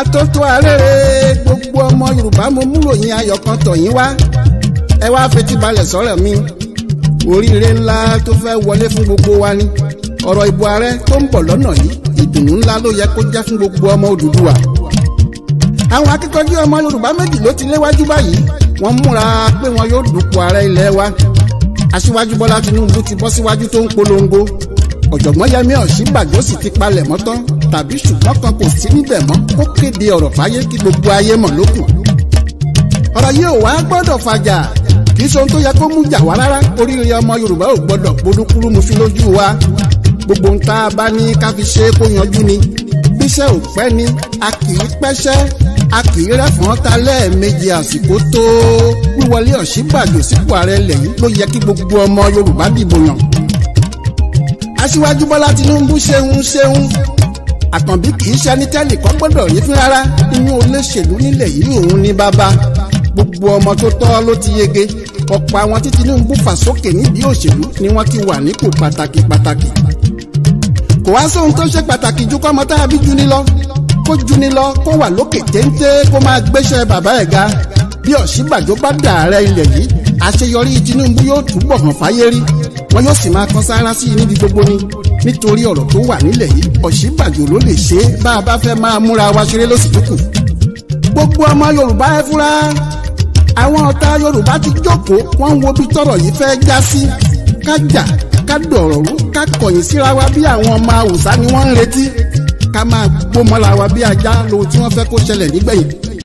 atótó arére gbogbo ọmọ Yorùbá mo múrò yín ayọ̀ kan tọ̀ yín wá ẹ wá fetí balẹ̀ sọ̀rọ̀ mi oríire ńlá tó fẹ́ wọlé fún gbogbo wa ni ọ̀rọ̀ ìbò ààrẹ tó ń bọ̀ lọ́nà yìí ìdùnnú ńlá ló yẹ kó jẹ́ fún gbogbo ọmọ Odùduwà àwọn akíkanjú ọmọ Yorùbá méjì ló ti léwájú báyìí wọ́n múra pé wọn yóò dupò ààrẹ ilẹ̀ wa aṣíwájú Bọ́lá Tinubu ti bọ́ síwájú tó ń polongo ọ̀jọ̀gbọ́n Yẹmí Ọ̀ṣínbàjò sì ti palẹ̀ mọ́ tàbí ṣùgbọ́n kan kò sí níbẹ̀ mọ́ ó kéde ọ̀rọ̀ fáyé kí gbogbo ayé mọ̀ lókun. ọ̀rọ̀ yìí ò wá gbọ́dọ̀ fàjà kì í ṣohun tó yẹ kó mú jà wá rárá oríire ọmọ yorùbá ò gbọ́dọ̀ polúkúrú mu sí lójú wa gbogbo ń tá a bá ní ká fi ṣe kó yanjú ni bíṣẹ́ ò pẹ́ ni a kì í pẹ́ṣẹ́ a kì í rẹ́fọ̀n ta lẹ́ẹ̀mejì àsìkò tó wíwọlé ọ̀ṣínbàjò sípò ààrẹ lẹ́yìn ló yẹ kí gbogbo ọmọ yorùbá dìbò yàn aṣíwájú bọ́lá tinubu ṣeun ṣeun àkànbí kì í ṣe ẹni tẹ́lẹ̀ kọ́ gbọ́dọ̀ yìí fún rárá inú olóṣèlú nílẹ̀ yìí òun ní bàbá gbogbo ọmọ tó tọ́ ló ti yege ọ̀pọ̀ àwọn tí Tinubu fà sókè nídìí òṣèlú ni wọ́n ti wà nípò pàtàkì pàtàkì kò wá sóhun tó ṣe pàtàkì ju kọ́mọ tá a bí juni lọ kó juni lọ kó wà lókè téńté kó máa gbéṣẹ́ bàbá ẹ̀ ga bí Ọ̀ṣínbàjò bá dààrẹ ilẹ̀ yìí àṣeyọrí Tinubu yóò túbọ̀ hàn fáyé rí wọn yóò sì máa kan sáárá sí i níbi gbogbo ni nítorí ọ̀rọ̀ tó wà nílẹ̀ yìí ọ̀ṣínbàjò ló lè ṣe é bá a bá fẹ́ máa múra wa ṣeré lóṣìdúkù gbogbo ọmọ yorùbá ẹ fúra àwọn ọ̀tá yorùbá ti jókòó wọ́n ń wo bí tọ́rọ̀ yìí fẹ́ já sí kájà ká dọ̀rọ̀ rú ká kọ̀yìn síra wa bí àwọn ọmọ haúsá ni wọ́n ń retí ká máa gbó mọ́ra wa bí ajá lo tí wọ́n fẹ́ kó ṣẹlẹ̀ nígbẹ̀yìn